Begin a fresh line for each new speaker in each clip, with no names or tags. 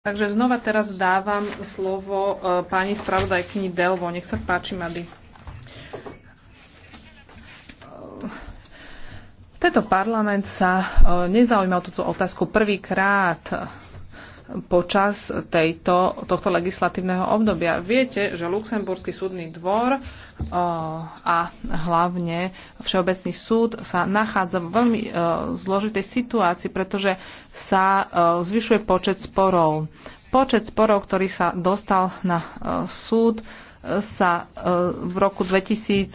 Takže znova teraz dávam slovo e, pani spravodajkyni Delvo. Nech sa páči, Mady. Tento parlament sa e, nezaujímal túto otázku prvýkrát počas tejto, tohto legislatívneho obdobia. Viete, že Luxemburský súdny dvor eh, a hlavne Všeobecný súd sa nachádza v veľmi eh, zložitej situácii, pretože sa eh, zvyšuje počet sporov. Počet sporov, ktorý sa dostal na súd, sa v roku 2000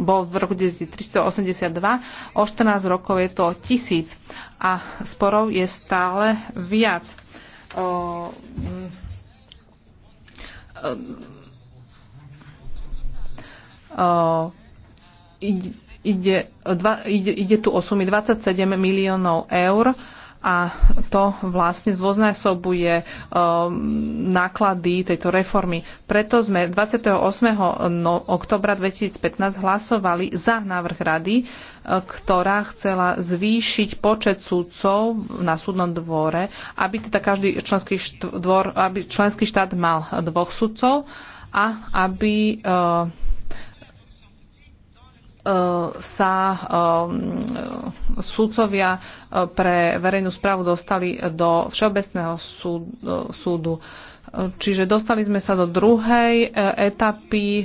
bol v roku 1382, o 14 rokov je to 1000 a sporov je stále viac. Mm, ide, ide, ide tu o sumy 27 miliónov eur a to vlastne zvoznasobuje um, náklady tejto reformy. Preto sme 28. No, oktobra 2015 hlasovali za návrh rady, uh, ktorá chcela zvýšiť počet súdcov na súdnom dvore, aby teda každý členský, štvor, aby členský štát mal dvoch súdcov a aby uh, E, sa e, súdcovia e, pre verejnú správu dostali do Všeobecného súdu. Čiže dostali sme sa do druhej etapy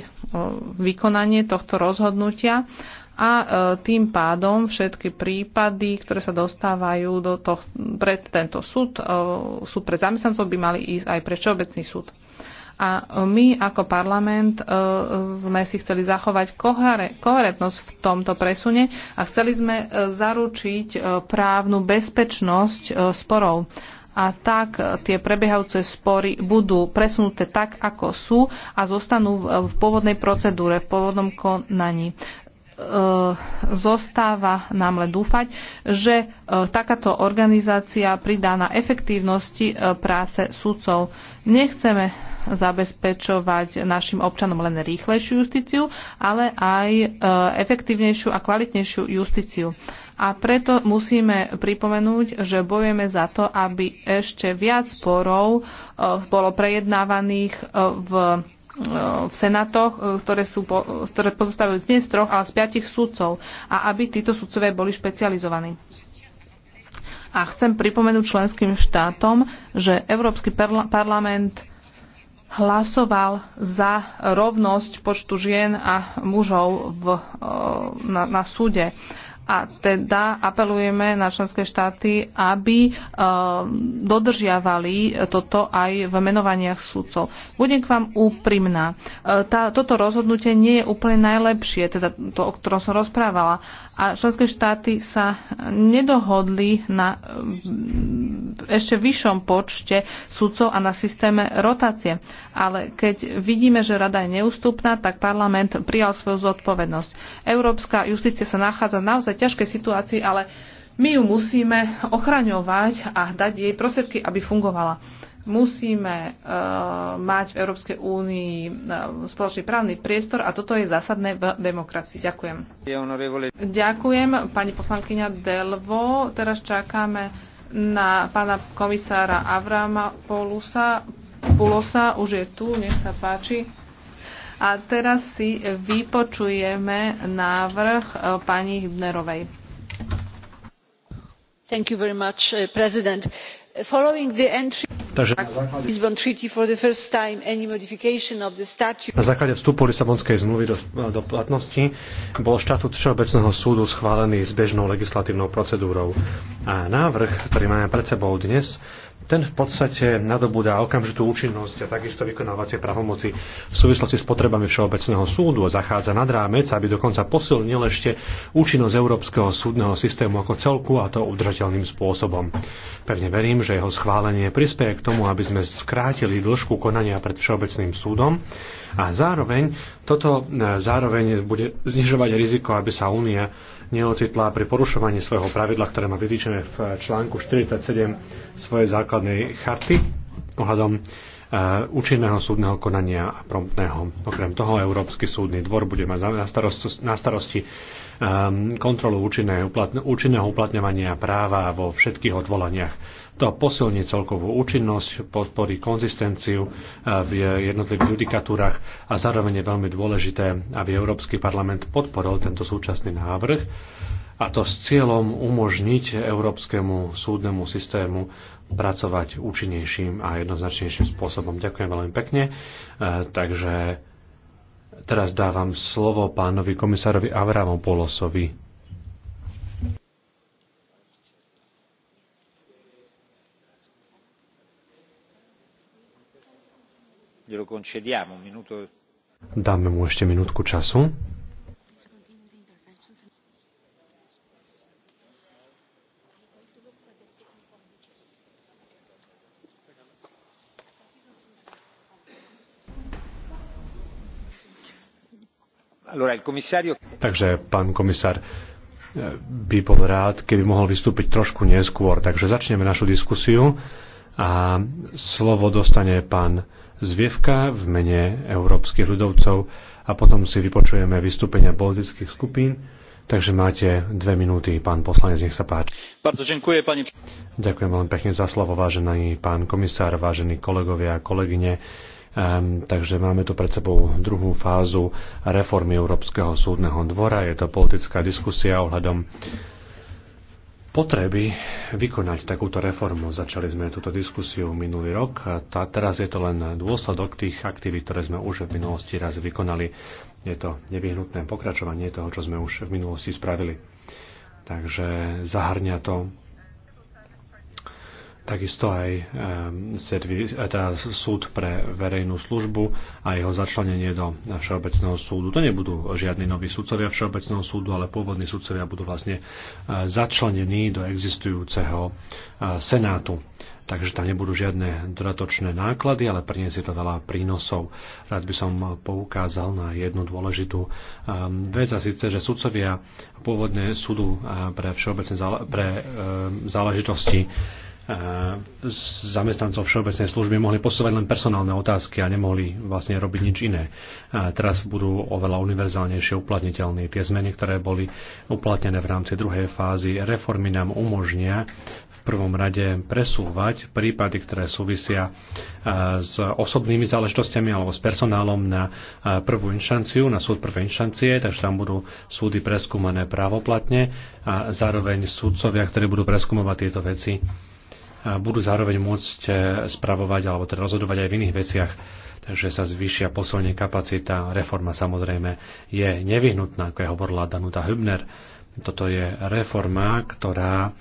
vykonanie tohto rozhodnutia a tým pádom všetky prípady, ktoré sa dostávajú do toho, pred tento súd, súd pre zamestnancov by mali ísť aj pre Všeobecný súd. A my ako parlament e, sme si chceli zachovať koherentnosť v tomto presune a chceli sme e, zaručiť e, právnu bezpečnosť sporov a tak tie prebiehajúce spory budú presunuté tak, ako sú a zostanú v pôvodnej procedúre, v pôvodnom konaní. Zostáva nám len dúfať, že takáto organizácia pridá na efektívnosti práce sudcov. Nechceme zabezpečovať našim občanom len rýchlejšiu justíciu, ale aj e, efektívnejšiu a kvalitnejšiu justíciu. A preto musíme pripomenúť, že bojujeme za to, aby ešte viac sporov e, bolo prejednávaných e, v v senátoch, ktoré, sú, ktoré pozostávajú z dnes z troch, ale z piatich sudcov, a aby títo sudcovia boli špecializovaní. A chcem pripomenúť členským štátom, že Európsky parlament hlasoval za rovnosť počtu žien a mužov v, eh, na, na súde a teda apelujeme na členské štáty, aby e, dodržiavali toto aj v menovaniach sudcov. Budem k vám úprimná. E, tá, toto rozhodnutie nie je úplne najlepšie, teda to, o ktorom som rozprávala. A členské štáty sa nedohodli na e, ešte vyššom počte sudcov a na systéme rotácie. Ale keď vidíme, že rada je neústupná, tak parlament prijal svoju zodpovednosť. Európska justícia sa nachádza naozaj ťažkej situácii, ale my ju musíme ochraňovať a dať jej prostriedky, aby fungovala. Musíme uh, mať v Európskej únii uh, spoločný právny priestor a toto je zásadné v demokracii. Ďakujem. Ďakujem, pani poslankyňa Delvo. Teraz čakáme na pána komisára Avrama Polusa. Pulosa už je tu, nech sa páči. A teraz si vypočujeme návrh e, pani Hübnerovej. Thank you very much, uh, President. Following the entry Takže time, statute... na
základe vstupu Lisabonskej zmluvy do, do platnosti bol štatút Všeobecného súdu schválený s bežnou legislatívnou procedúrou. A návrh, ktorý máme pred sebou dnes, ten v podstate nadobúda okamžitú účinnosť a takisto vykonávacie pravomoci v súvislosti s potrebami Všeobecného súdu a zachádza nad rámec, aby dokonca posilnil ešte účinnosť Európskeho súdneho systému ako celku a to udržateľným spôsobom. Pevne verím, že jeho schválenie prispieje k tomu, aby sme skrátili dĺžku konania pred Všeobecným súdom a zároveň toto e, zároveň bude znižovať riziko, aby sa únia neocitlá pri porušovaní svojho pravidla, ktoré má vytýčené v článku 47 svojej základnej charty ohľadom účinného súdneho konania a promptného. Okrem toho Európsky súdny dvor bude mať na starosti, ehm, kontrolu účinného, účinného uplatňovania práva vo všetkých odvolaniach. To posilní celkovú účinnosť, podporí konzistenciu e, v jednotlivých judikatúrach a zároveň je veľmi dôležité, aby Európsky parlament podporil tento súčasný návrh a to s cieľom umožniť Európskemu súdnemu systému pracovať účinnejším a jednoznačnejším spôsobom. Ďakujem veľmi pekne. E, takže teraz dávam slovo pánovi komisárovi Avramom Polosovi. Dáme mu ešte minútku času. Takže, pán komisár, eh, by bol rád, keby mohol vystúpiť trošku neskôr. Takže začneme našu diskusiu a slovo dostane pán Zvievka v mene európskych ľudovcov a potom si vypočujeme vystúpenia politických skupín. Takže máte dve minúty, pán poslanec, nech sa páči.
Bardzo dziękuję, pani...
Ďakujem veľmi pekne za slovo, vážený pán komisár, vážení kolegovia a kolegyne. Um, takže máme tu pred sebou druhú fázu reformy Európskeho súdneho dvora. Je to politická diskusia ohľadom potreby vykonať takúto reformu. Začali sme túto diskusiu minulý rok. Tá, teraz je to len dôsledok tých aktivít, ktoré sme už v minulosti raz vykonali. Je to nevyhnutné pokračovanie toho, čo sme už v minulosti spravili. Takže zahrňa to takisto aj ehm, servis, e, teda súd pre verejnú službu a jeho začlenenie do Všeobecného súdu. To nebudú žiadni noví sudcovia Všeobecného súdu, ale pôvodní sudcovia budú vlastne e, začlenení do existujúceho e, Senátu. Takže tam nebudú žiadne dodatočné náklady, ale priniesie to veľa prínosov. Rád by som poukázal na jednu dôležitú ehm, vec a síce, že sudcovia pôvodne súdu pre všeobecné zále, pre, ehm, záležitosti zamestnancov všeobecnej služby mohli posúvať len personálne otázky a nemohli vlastne robiť nič iné. A teraz budú oveľa univerzálnejšie uplatniteľné. Tie zmeny, ktoré boli uplatnené v rámci druhej fázy reformy nám umožnia v prvom rade presúvať prípady, ktoré súvisia s osobnými záležitostiami alebo s personálom na prvú inštanciu, na súd prvej inštancie, takže tam budú súdy preskúmané právoplatne a zároveň súdcovia, ktorí budú preskúmovať tieto veci, budú zároveň môcť e, spravovať alebo teda rozhodovať aj v iných veciach. Takže sa zvýšia posilne kapacita. Reforma samozrejme je nevyhnutná, ako je hovorila Danuta Hübner. Toto je reforma, ktorá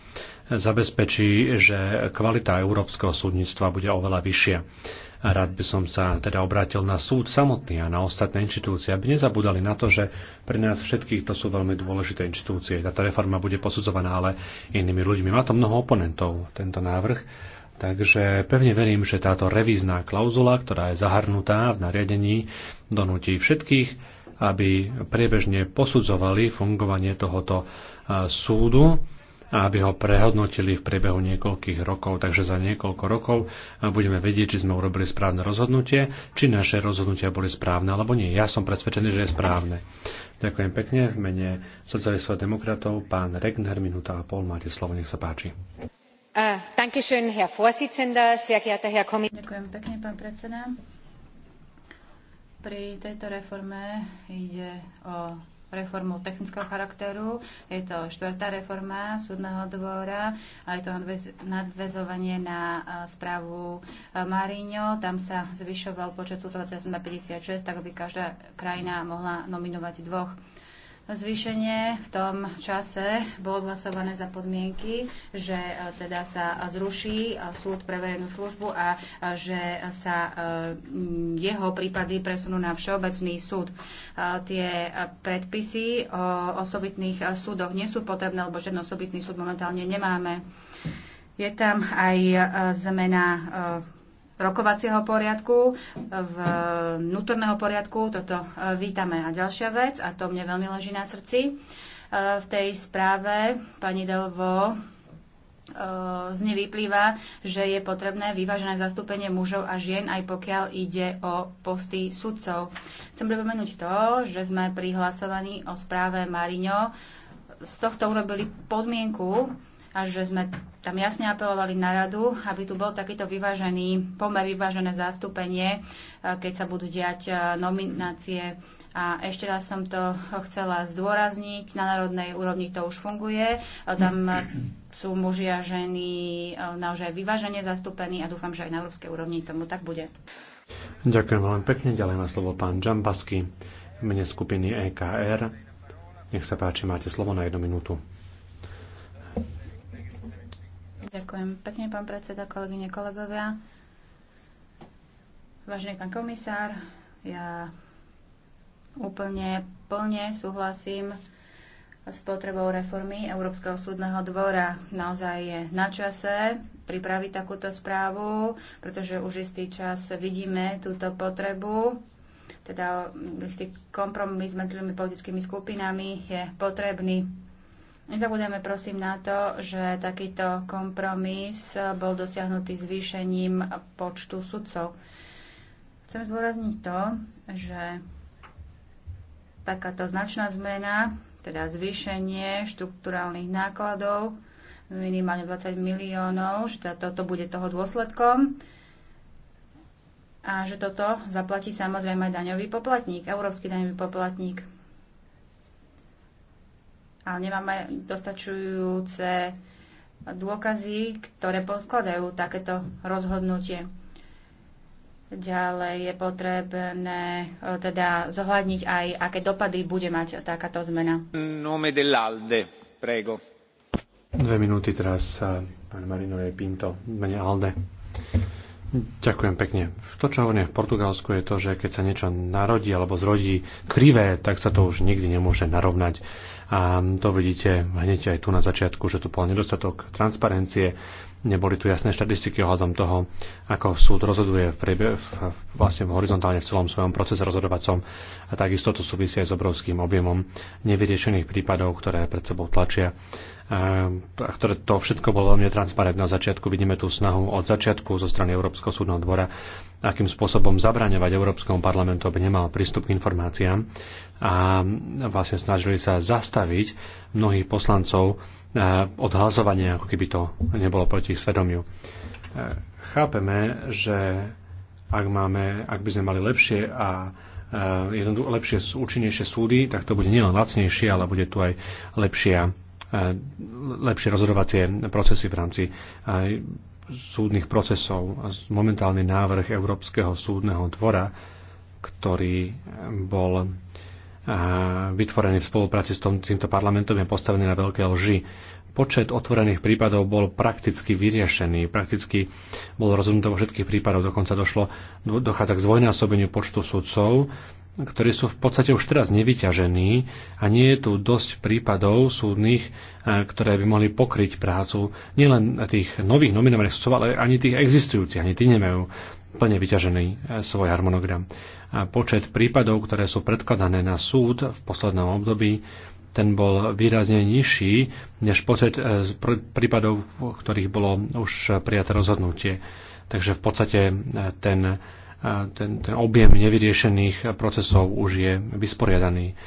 zabezpečí, že kvalita európskeho súdnictva bude oveľa vyššia Rád by som sa teda obrátil na súd samotný a na ostatné inštitúcie, aby nezabudali na to, že pre nás všetkých to sú veľmi dôležité inštitúcie. Táto reforma bude posudzovaná ale inými ľuďmi. Má to mnoho oponentov, tento návrh. Takže pevne verím, že táto revízna klauzula, ktorá je zahrnutá v nariadení, donúti všetkých, aby priebežne posudzovali fungovanie tohoto eh, súdu a aby ho prehodnotili v priebehu niekoľkých rokov. Takže za niekoľko rokov budeme vedieť, či sme urobili správne rozhodnutie, či naše rozhodnutia boli správne alebo nie. Ja som presvedčený, že je správne. Ďakujem pekne. V mene socialistov a demokratov pán Regner, minúta a pol. Máte slovo, nech sa páči.
Ďakujem
pekne, pán predseda. Pri tejto reforme ide o reformu technického charakteru. Je to štvrtá reforma súdneho dvora a je to nadvezovanie na správu Maríňo. Tam sa zvyšoval počet sudcov 56, tak aby každá krajina mohla nominovať dvoch Zvýšenie v tom čase bolo hlasované za podmienky, že e, teda sa zruší e, súd pre verejnú službu a e, že sa jeho prípady presunú na Všeobecný súd. Tie predpisy o osobitných súdoch nie sú potrebné, lebo žiadny osobitný súd momentálne nemáme. Je tam aj zmena rokovacieho poriadku, vnútorného poriadku. Toto e, vítame. A ďalšia vec, a to mne veľmi leží na srdci, e, v tej správe pani Delvo e, z nej vyplýva, že je potrebné vyvážené zastúpenie mužov a žien, aj pokiaľ ide o posty sudcov. Chcem pripomenúť to, že sme prihlasovaní o správe Marino z tohto urobili podmienku, a že sme tam jasne apelovali na radu, aby tu bol takýto vyvážený, pomer vyvážené zastúpenie, keď sa budú diať nominácie. A ešte raz som to chcela zdôrazniť, na národnej úrovni to už funguje, tam sú muži a ženy naozaj vyvážene zastúpení a dúfam, že aj na európskej úrovni tomu tak bude.
Ďakujem veľmi pekne, ďalej má slovo pán Džambasky, mene skupiny EKR. Nech sa páči, máte slovo na jednu minútu.
Ďakujem pekne, pán predseda, kolegyne, kolegovia. Vážený pán komisár, ja úplne plne súhlasím s potrebou reformy Európskeho súdneho dvora. Naozaj je na čase pripraviť takúto správu, pretože už istý čas vidíme túto potrebu. Teda istý kompromis medzi politickými skupinami je potrebný Nezabudeme prosím na to, že takýto kompromis bol dosiahnutý zvýšením počtu sudcov. Chcem zdôrazniť to, že takáto značná zmena, teda zvýšenie štruktúrálnych nákladov minimálne 20 miliónov, že toto bude toho dôsledkom a že toto zaplatí samozrejme daňový poplatník, európsky daňový poplatník ale nemáme dostačujúce dôkazy, ktoré podkladajú takéto rozhodnutie. Ďalej je potrebné e, teda zohľadniť aj, aké dopady bude mať takáto zmena.
Nome dell'Alde, prego.
Dve minúty teraz e, pán Marino Pinto, mene Alde. Ďakujem pekne. To, čo hovorím v Portugalsku, je to, že keď sa niečo narodí alebo zrodí krivé, tak sa to už nikdy nemôže narovnať. A to vidíte hneď aj tu na začiatku, že tu bol nedostatok transparencie, neboli tu jasné štatistiky ohľadom toho, ako súd rozhoduje v, priebe, v, vlastne v horizontálne v celom svojom procese rozhodovacom a takisto to súvisí aj s obrovským objemom nevyriešených prípadov, ktoré pred sebou tlačia Ehm, ktoré to všetko bolo veľmi transparentné na začiatku. Vidíme tú snahu od začiatku zo strany Európskeho súdneho dvora, akým spôsobom zabraňovať Európskom parlamentu, aby nemal prístup k informáciám. A vlastne snažili sa zastaviť mnohých poslancov ehm, od hlasovania, ako keby to nebolo proti ich svedomiu. Ehm, chápeme, že ak, máme, ak by sme mali lepšie a jednoducho lepšie, účinnejšie súdy, tak to bude nielen lacnejšie, ale bude tu aj lepšia E, lepšie rozhodovacie procesy v rámci e, súdnych procesov. Momentálny návrh Európskeho súdneho dvora, ktorý e, bol vytvorený v spolupráci s týmto parlamentom, je postavený na veľké lži počet otvorených prípadov bol prakticky vyriešený, prakticky bolo rozhodnuté vo všetkých prípadoch, dokonca došlo, dochádza k zvojnásobeniu počtu sudcov ktorí sú v podstate už teraz nevyťažení a nie je tu dosť prípadov súdnych, e, ktoré by mohli pokryť prácu nielen tých nových nominovaných súdcov, ale ani tých existujúcich, ani tí nemajú plne vyťažený e, svoj harmonogram. A počet prípadov, ktoré sú predkladané na súd v poslednom období, ten bol výrazne nižší než počet e, prípadov, v ktorých bolo už prijaté rozhodnutie. Takže v podstate ten ten, ten objem nevyriešených procesov už je vysporiadaný.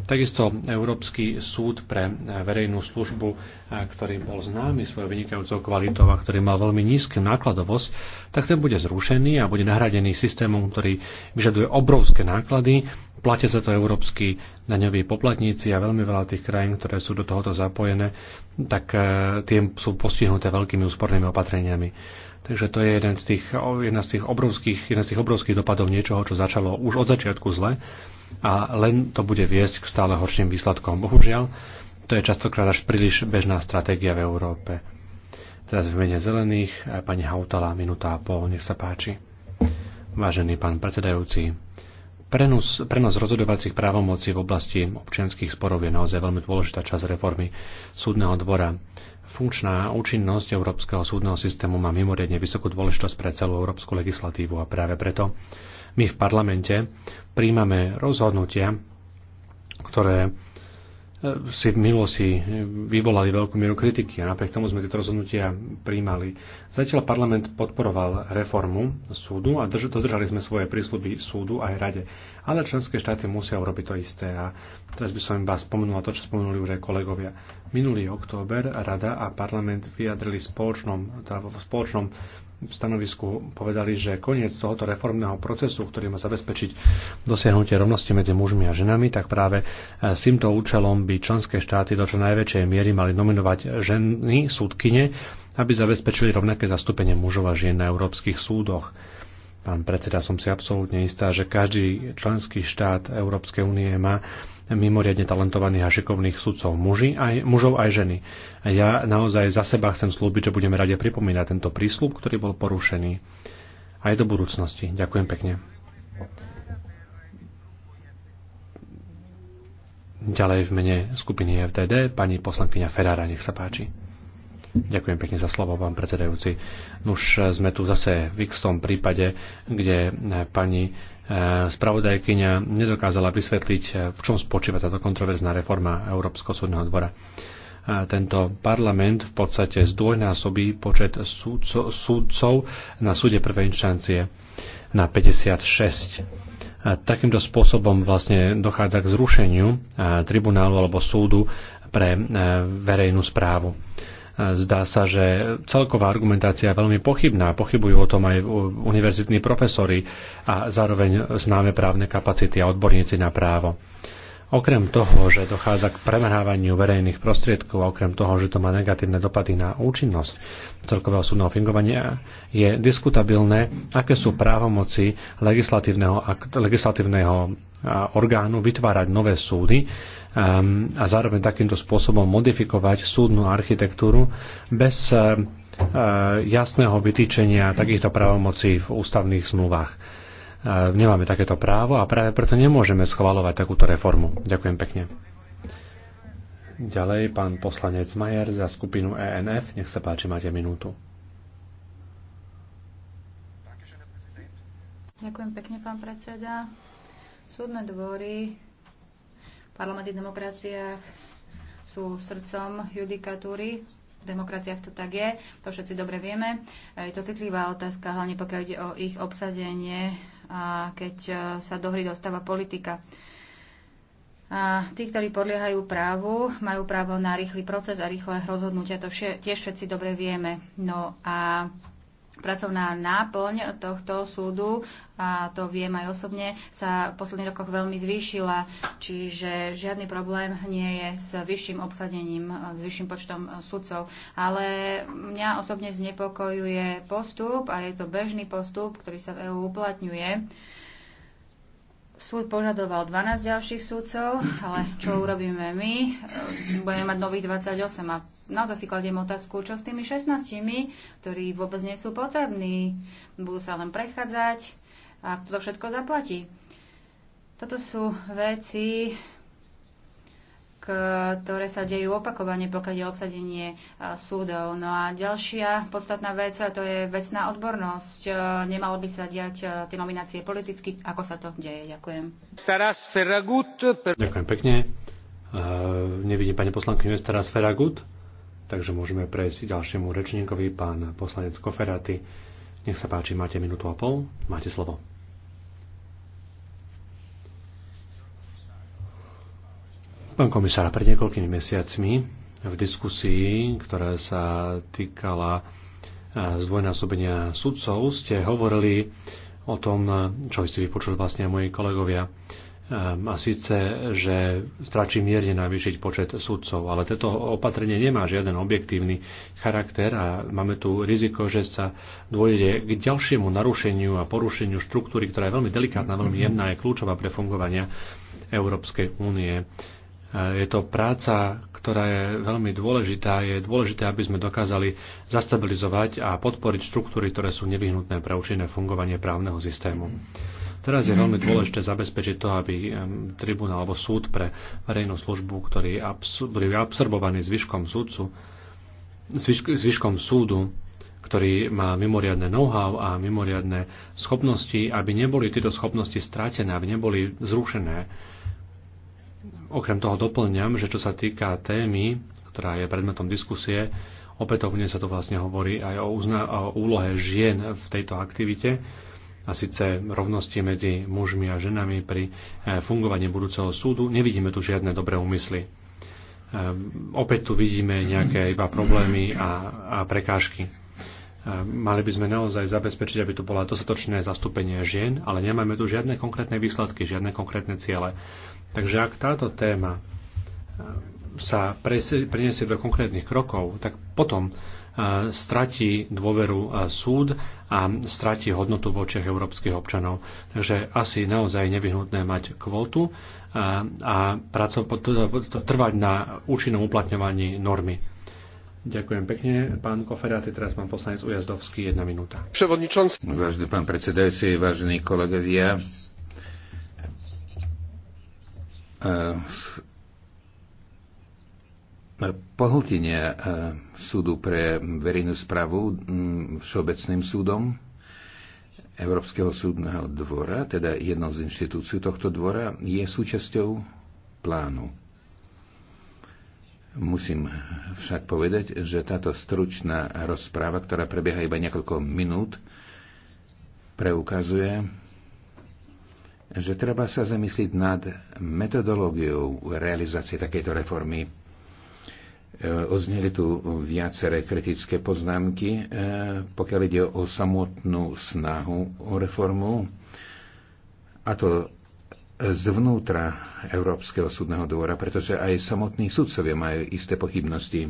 Takisto Európsky súd pre verejnú službu, ktorý bol známy svojou vynikajúcou kvalitou a ktorý mal veľmi nízku nákladovosť, tak ten bude zrušený a bude nahradený systémom, ktorý vyžaduje obrovské náklady. Platia sa to európsky daňoví poplatníci a veľmi veľa tých krajín, ktoré sú do tohoto zapojené, tak e, tým sú postihnuté veľkými úspornými opatreniami. Takže to je jeden z tých, jedna, z tých obrovských, jedna z tých obrovských dopadov niečoho, čo začalo už od začiatku zle a len to bude viesť k stále horším výsledkom. Bohužiaľ, to je častokrát až príliš bežná stratégia v Európe. Teraz v mene zelených, pani Hautala, minúta a pol, nech sa páči. Vážený pán predsedajúci, Prenos, prenos rozhodovacích právomocí v oblasti občianských sporov je naozaj veľmi dôležitá časť reformy súdneho dvora. Funkčná účinnosť Európskeho súdneho systému má mimoriadne vysokú dôležitosť pre celú európsku legislatívu a práve preto my v parlamente príjmame rozhodnutia, ktoré Eh, si v minulosti eh, vyvolali veľkú mieru kritiky a napriek tomu sme tieto rozhodnutia príjmali. Zatiaľ parlament podporoval reformu súdu a drž- dodržali sme svoje prísľuby súdu aj rade. Ale členské štáty musia urobiť to isté a teraz by som iba spomenula to, čo spomenuli už aj kolegovia. Minulý október rada a parlament vyjadrili spoločnom, teda v spoločnom v stanovisku povedali, že koniec tohoto reformného procesu, ktorý má zabezpečiť dosiahnutie rovnosti medzi mužmi a ženami, tak práve e, s týmto účelom by členské štáty do čo najväčšej miery mali nominovať ženy, súdkyne, aby zabezpečili rovnaké zastúpenie mužov a žien na európskych súdoch. Pán predseda, som si absolútne istá, že každý členský štát Európskej únie má mimoriadne talentovaných a šikovných sudcov, muži aj, mužov aj ženy. A ja naozaj za seba chcem slúbiť, že budeme rade pripomínať tento prísľub, ktorý bol porušený aj do budúcnosti. Ďakujem pekne. Ďalej v mene skupiny FDD pani poslankyňa Ferrara, nech sa páči. Ďakujem pekne za slovo, pán predsedajúci. Už sme tu zase v x prípade, kde eh, pani eh, spravodajkyňa nedokázala vysvetliť, eh, v čom spočíva táto kontroverzná reforma Európskeho súdneho dvora. Tento parlament v podstate zdvojnásobí počet súdco, súdcov na súde prvej inštancie na 56. A takýmto spôsobom vlastne dochádza k zrušeniu tribunálu alebo súdu pre verejnú správu. Zdá sa, že celková argumentácia je veľmi pochybná. Pochybujú o tom aj univerzitní profesori a zároveň známe právne kapacity a odborníci na právo. Okrem toho, že dochádza k premerávaniu verejných prostriedkov a okrem toho, že to má negatívne dopady na účinnosť celkového súdneho fungovania, je diskutabilné, aké sú právomoci legislatívneho, legislatívneho orgánu vytvárať nové súdy um, a zároveň takýmto spôsobom modifikovať súdnu architektúru bez um, uh, jasného vytýčenia takýchto právomocí v ústavných zmluvách. Uh, nemáme takéto právo a práve preto nemôžeme schvalovať takúto reformu. Ďakujem pekne. Ďalej pán poslanec Majer za skupinu ENF. Nech sa páči, máte minútu.
Ďakujem pekne, pán predseda. Súdne dvory v parlamentných demokraciách sú srdcom judikatúry. V demokraciách to tak je, to všetci dobre vieme. Je to citlivá otázka, hlavne pokiaľ ide o ich obsadenie, a keď e, sa do hry dostáva politika. A tí, ktorí podliehajú právu, majú právo na rýchly proces a rýchle rozhodnutia. To vše, tiež všetci dobre vieme. No a pracovná náplň tohto súdu, a to viem aj osobne, sa v posledných rokoch veľmi zvýšila, čiže žiadny problém nie je s vyšším obsadením, s vyšším počtom sudcov. Ale mňa osobne znepokojuje postup a je to bežný postup, ktorý sa v EÚ uplatňuje. Súd požadoval 12 ďalších súdcov, ale čo urobíme my? Budeme mať nových 28 a naozaj si kladiem otázku, čo s tými 16, ktorí vôbec nie sú potrební, budú sa len prechádzať a kto to všetko zaplatí. Toto sú veci, ktoré sa dejú opakovane, pokiaľ je obsadenie súdov. No a ďalšia podstatná vec, to je vecná odbornosť. Nemalo by sa diať tie nominácie politicky, ako sa to deje. Ďakujem.
Ďakujem pekne. Uh, nevidím pani poslankyňu Estaras Feragut takže môžeme prejsť k ďalšiemu rečníkovi, pán poslanec Koferaty. Nech sa páči, máte minútu a pol, máte slovo. Pán komisár, pred niekoľkými mesiacmi v diskusii, ktorá sa týkala eh, zdvojnásobenia sudcov, ste hovorili o tom, čo ste vypočuli vlastne moji kolegovia. Ehm, a síce, že stračí mierne navýšiť počet sudcov, ale toto opatrenie nemá žiaden objektívny charakter a máme tu riziko, že sa dôjde k ďalšiemu narušeniu a porušeniu štruktúry, ktorá je veľmi delikátna, veľmi jemná, je kľúčová pre fungovania Európskej únie. Ehm, je to práca, ktorá je veľmi dôležitá. Je dôležité, aby sme dokázali zastabilizovať a podporiť štruktúry, ktoré sú nevyhnutné pre účinné fungovanie právneho systému. Teraz je veľmi dôležité zabezpečiť to, aby tribunál alebo súd pre verejnú službu, ktorý je absorbovaný zvyškom súdcu, zvyškom súdu, ktorý má mimoriadne know-how a mimoriadne schopnosti, aby neboli tieto schopnosti strátené, aby neboli zrušené. Okrem toho doplňam, že čo sa týka témy, ktorá je predmetom diskusie, opätovne sa to vlastne hovorí aj o, uzna- o úlohe žien v tejto aktivite, a síce rovnosti medzi mužmi a ženami pri eh, fungovaní budúceho súdu, nevidíme tu žiadne dobré úmysly. Eh, opäť tu vidíme nejaké iba problémy a, a prekážky. Eh, mali by sme naozaj zabezpečiť, aby tu bola dostatočné zastúpenie žien, ale nemáme tu žiadne konkrétne výsledky, žiadne konkrétne ciele. Takže ak táto téma sa preniesie do konkrétnych krokov, tak potom stratí dôveru súd a stratí hodnotu v očiach európskych občanov. Takže asi naozaj nevyhnutné mať kvótu a, a pracov, trvať na účinnom uplatňovaní normy. Ďakujem pekne, pán Koferáty. Teraz mám poslanec Ujazdovský, jedna minúta. Vážený
pán predsedajúci, vážení kolegovia, pohltenie e, súdu pre verejnú správu Všeobecným súdom Európskeho súdneho dvora, teda jednou z inštitúcií tohto dvora, je súčasťou plánu. Musím však povedať, že táto stručná rozpráva, ktorá prebieha iba niekoľko minút, preukazuje, že treba sa zamyslieť nad metodológiou realizácie takejto reformy E, Ozneli tu viaceré kritické poznámky, e, pokiaľ ide o samotnú snahu o reformu, a to zvnútra Európskeho súdneho dvora, pretože aj samotní sudcovia majú isté pochybnosti.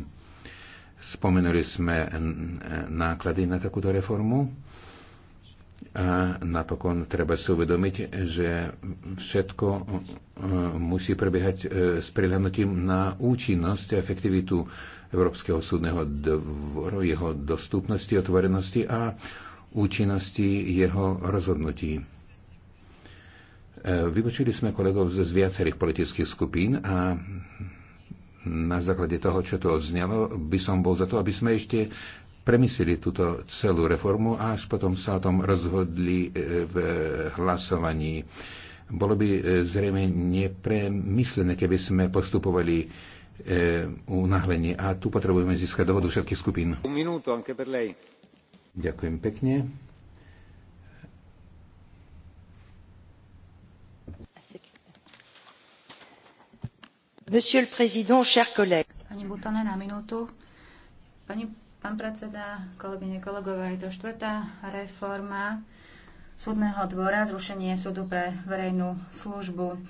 Spomenuli sme náklady na takúto reformu a napokon treba si uvedomiť, že všetko e, musí prebiehať e, s prihľadnutím na účinnosť a efektivitu Európskeho súdneho dvoru, jeho dostupnosti, otvorenosti a účinnosti jeho rozhodnutí. E, vypočuli sme kolegov z viacerých politických skupín a na základe toho, čo to odznelo, by som bol za to, aby sme ešte premyslili túto celú reformu a až potom sa o tom rozhodli e, v hlasovaní. Bolo by e, zrejme nepremyslené, keby sme postupovali e, unáhlenie a tu potrebujeme získať dohodu všetkých skupín. Ďakujem pekne.
Monsieur le Président, chers collègues.
Pani Butanen, na minútu. Pani Pán predseda, kolegyne, kolegovia, je to štvrtá reforma súdneho dvora, zrušenie súdu pre verejnú službu.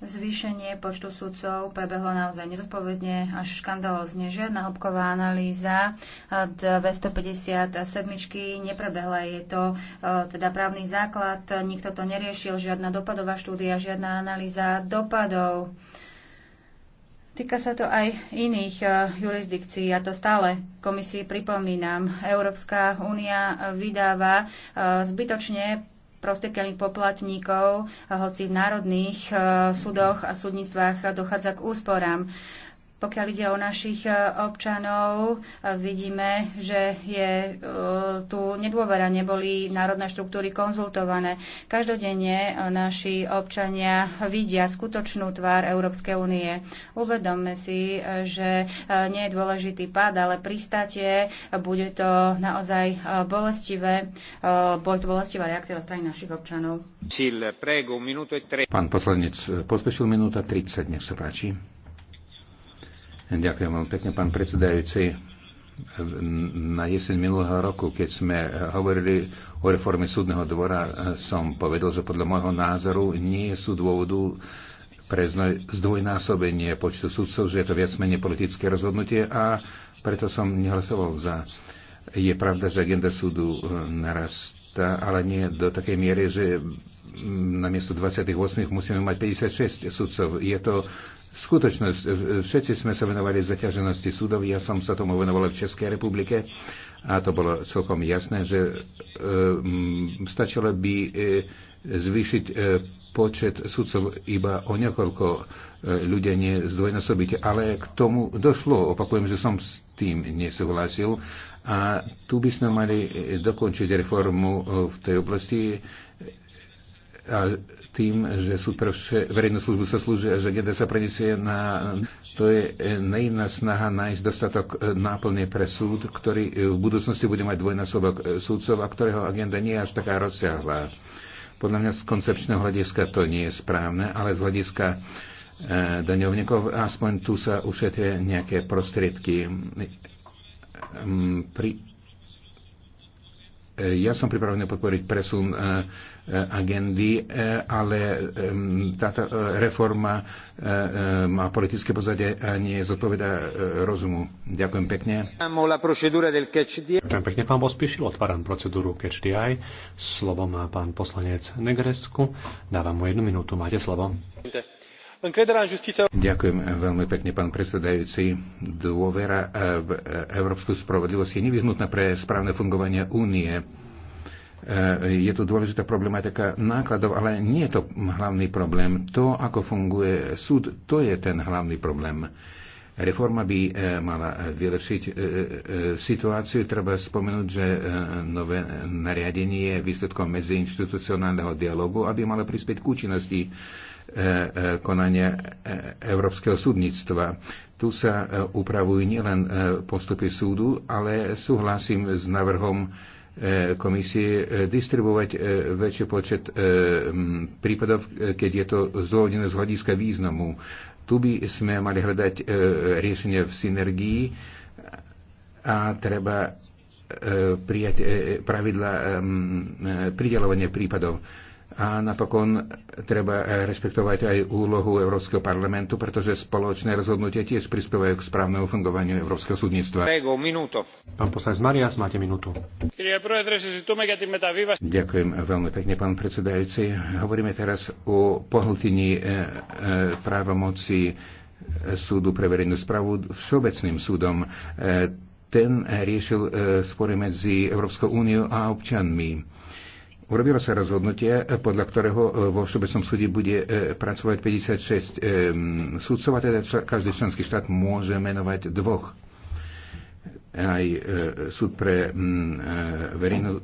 Zvýšenie počtu sudcov prebehlo naozaj nezodpovedne až škandalozne. Žiadna hĺbková analýza 257 neprebehla. Je to e, teda právny základ, nikto to neriešil, žiadna dopadová štúdia, žiadna analýza dopadov. Týka sa to aj iných uh, jurisdikcií. Ja to stále komisii pripomínam. Európska únia vydáva uh, zbytočne prostriedkami poplatníkov, hoci v národných e, súdoch a súdnictvách dochádza k úsporám. Pokiaľ ide o našich e, občanov, e, vidíme, že je e, tu nedôvera, neboli národné štruktúry konzultované. Každodenne naši občania vidia skutočnú tvár Európskej únie. Uvedomme si, že nie je dôležitý pád, ale pristatie, bude to naozaj bolestivé, bude to bolestivá reakcia zo strany našich občanov.
Pán poslanec, pospešil minúta 30, nech sa páči. Ďakujem veľmi pekne, pán predsedajúci. Na jeseň minulého roku, keď sme hovorili o reforme súdneho dvora, som povedal, že podľa môjho názoru nie sú dôvodu pre zdvojnásobenie počtu sudcov, že je to viac menej politické rozhodnutie a preto som nehlasoval za. Je pravda, že agenda súdu e, narastá, ale nie do takej miery, že namiesto 28 musíme mať 56 sudcov. Je to Skutočne e, všetci sme sa venovali zaťaženosti súdov, ja som sa tomu venoval v Českej republike a to bolo celkom jasné, že e, stačilo by e, zvýšiť e, počet sudcov iba o niekoľko e, ľudia nie zdvojnásobite, ale k tomu došlo. Opakujem, že som s tým nesúhlasil a tu by sme mali e, dokončiť reformu e, v tej oblasti E, a tým, že sú pre verejnú službu sa slúži a že agenda sa preniesie na... To je e, nejná snaha nájsť dostatok e, náplne pre súd, ktorý e, v budúcnosti bude mať dvojnásobok súdcov a ktorého agenda nie je až taká rozsiahla. Podľa mňa z koncepčného hľadiska to nie je správne, ale z hľadiska daňovníkov aspoň tu sa ušetria nejaké prostriedky. Pri E, ja som pripravený podporiť presun e, e, agendy, ale táto reforma má politické pozadie a nie zodpoveda rozumu. Ďakujem pekne. Ďakujem
pekne, pán Pospíšil. Otváram procedúru Catch DI. Slovo má pán poslanec Negresku. Dávam mu jednu minútu. Máte slovo.
Ďakujem
veľmi pekne, pán predsedajúci. Dôvera eh, v eh, európsku spravodlivosť je nevyhnutná pre správne fungovanie únie. Eh, je tu dôležitá problematika nákladov, ale nie je to hlavný problém. To, ako funguje súd, to je ten hlavný problém. Reforma by mala vylepšiť situáciu. Treba spomenúť, že nové nariadenie je výsledkom medziinstitucionálneho dialogu, aby malo prispieť k účinnosti E, e, konania e, Európskeho súdnictva. Tu sa upravujú nielen postupy súdu, ale súhlasím s navrhom komisie distribuovať väčší počet prípadov, keď je to zvolené z hľadiska významu. Tu by sme mali hľadať riešenie v synergii a treba prijať pravidla pridelovania prípadov a napokon treba rešpektovať aj úlohu Európskeho parlamentu, pretože spoločné rozhodnutie tiež prispievajú k správnemu fungovaniu Európskeho súdnictva. Prego, minúto. Pán poslanec Marias, máte minútu. Ďakujem veľmi pekne, pán predsedajúci. Hovoríme teraz o pohltení e, e, právomoci e, súdu pre verejnú správu všeobecným súdom. Ten riešil spory medzi Európskou úniou a občanmi Urobilo sa rozhodnutie, e, podľa ktorého e, vo Všeobecnom súde bude e, pracovať 56 sudcov a teda každý členský štát môže menovať dvoch aj súd pre verejnú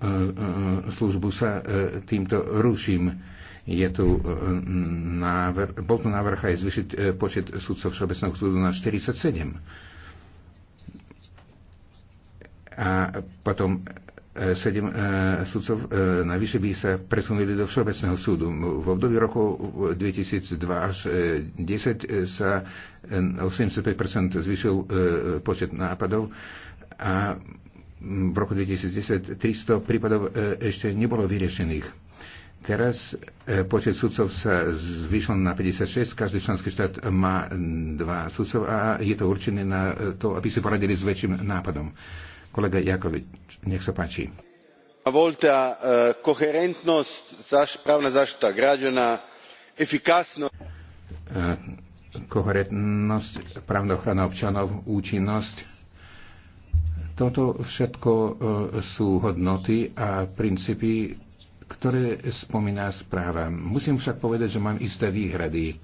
službu sa týmto ruším. Je tu návrh, bol tu návrh aj zvyšiť počet súdcov Všeobecného súdu na 47. A potom sedem e, sudcov e, najvyššie by sa presunuli do Všeobecného súdu. V období roku 2002 až 2010 e, sa o 75% zvyšil počet nápadov a v roku 2010 300 prípadov ešte nebolo vyriešených. Teraz počet sudcov sa zvyšil na 56, každý členský štát má dva sudcov a je to určené na to, aby si poradili s väčším nápadom. Kolega Jakovič, nech sa páči. Volta, e, koherentnosť, právna zaštita građana, efikasnosť. E, koherentnosť, právna ochrana občanov, účinnosť. Toto všetko e, sú hodnoty a princípy, ktoré spomína správa. Musím však povedať, že mám isté výhrady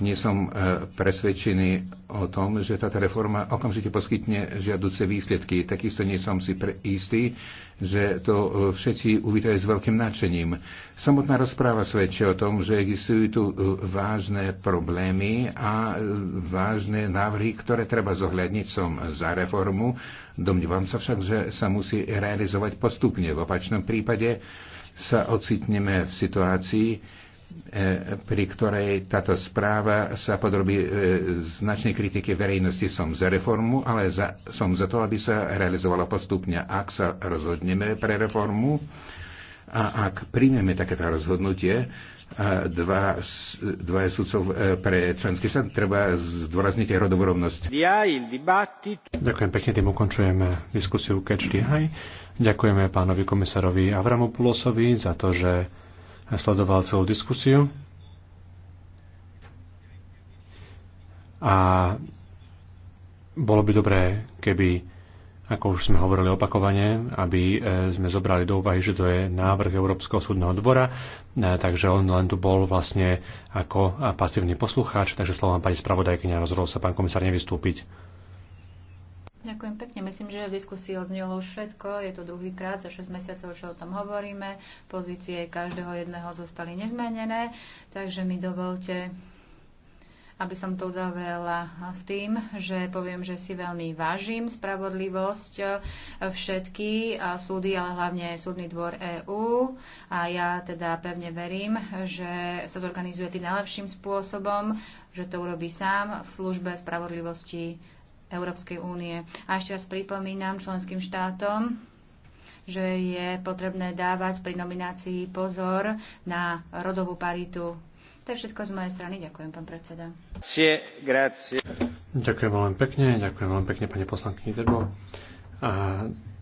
nie som e, presvedčený o tom, že táto reforma okamžite poskytne žiaduce výsledky. Takisto nie som si pre istý, že to e, všetci uvítajú s veľkým nadšením. Samotná rozpráva svedčí o tom, že existujú tu e, vážne problémy a vážne návrhy, ktoré treba zohľadniť som za reformu. Domnívam sa však, že sa musí realizovať postupne. V opačnom prípade sa ocitneme v situácii, E, pri ktorej táto správa sa podrobí e, značnej kritike verejnosti. Som za reformu, ale za, som za to, aby sa realizovala postupne. Ak sa rozhodneme pre reformu a ak príjmeme takéto rozhodnutie, e, dva, dva sudcov pre
členský štát. Treba zdôrazniť aj rodovú rovnosť. Ďakujem pekne, tým ukončujeme diskusiu Catch the Ďakujeme pánovi komisárovi Avramopulosovi za to, že sledoval celú diskusiu. A bolo by dobré, keby, ako už sme hovorili opakovane, aby e, sme zobrali do úvahy, že to je návrh Európskeho súdneho dvora, e, takže on len tu bol vlastne ako pasívny poslucháč, takže slovo pani spravodajkynia rozhodol sa pán komisár nevystúpiť.
Ďakujem pekne. Myslím, že v diskusii odznelo už všetko. Je to druhýkrát za 6 mesiacov, čo o tom hovoríme. Pozície každého jedného zostali nezmenené. Takže mi dovolte aby som to uzavrela s tým, že poviem, že si veľmi vážim spravodlivosť všetky súdy, ale hlavne súdny dvor EÚ. A ja teda pevne verím, že sa zorganizuje tým najlepším spôsobom, že to urobí sám v službe spravodlivosti Európskej únie. A ešte raz pripomínam členským štátom, že je potrebné dávať pri nominácii pozor na rodovú paritu. To je všetko z mojej strany. Ďakujem, pán predseda.
Ďakujem veľmi pekne. Ďakujem veľmi pekne, pani poslankyni Drbo. A